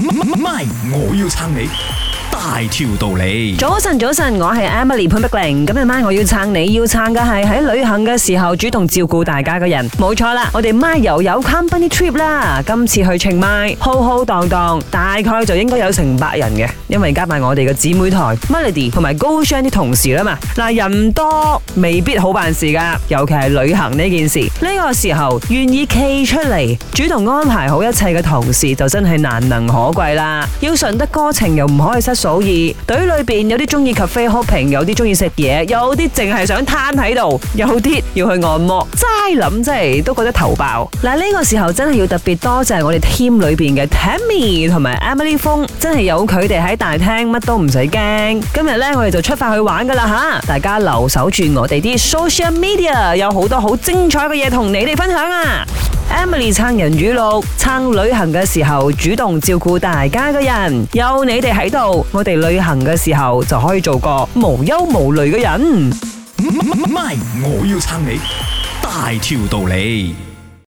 唔，唔，MY，我要撐你。大條道理，早晨早晨，我係 Emily 潘碧玲。今日 MY 我要撐你要撐嘅係喺旅行嘅時候主動照顧大家嘅人，冇錯啦。我哋 MY 又有 company trip 啦，今次去清邁浩浩蕩蕩，大概就應該有成百人嘅，因為加埋我哋嘅姊妹台 Melody 同埋高商啲同事啦嘛。嗱，人多未必好辦事噶，尤其係旅行呢件事。呢、呢個時候願意企出嚟主動安排好一切嘅同事，就真係難能可貴啦。要順得哥情又唔可以失所。可以隊裏邊有啲中意 cafe hopping，有啲中意食嘢，有啲淨係想攤喺度，有啲要去按摩，齋諗真係都覺得頭爆嗱。呢個時候真係要特別多謝我哋 team 裏邊嘅 Tammy 同埋 Emily 峰，真係有佢哋喺大廳乜都唔使驚。今日呢，我哋就出發去玩噶啦吓，大家留守住我哋啲 social media，有好多好精彩嘅嘢同你哋分享啊！Emily 撐人語錄，撐旅行嘅時候主動照顧大家嘅人。有你哋喺度，我哋旅行嘅時候就可以做個無憂無慮嘅人。唔係，嗯嗯嗯，我要撐你，大條道理。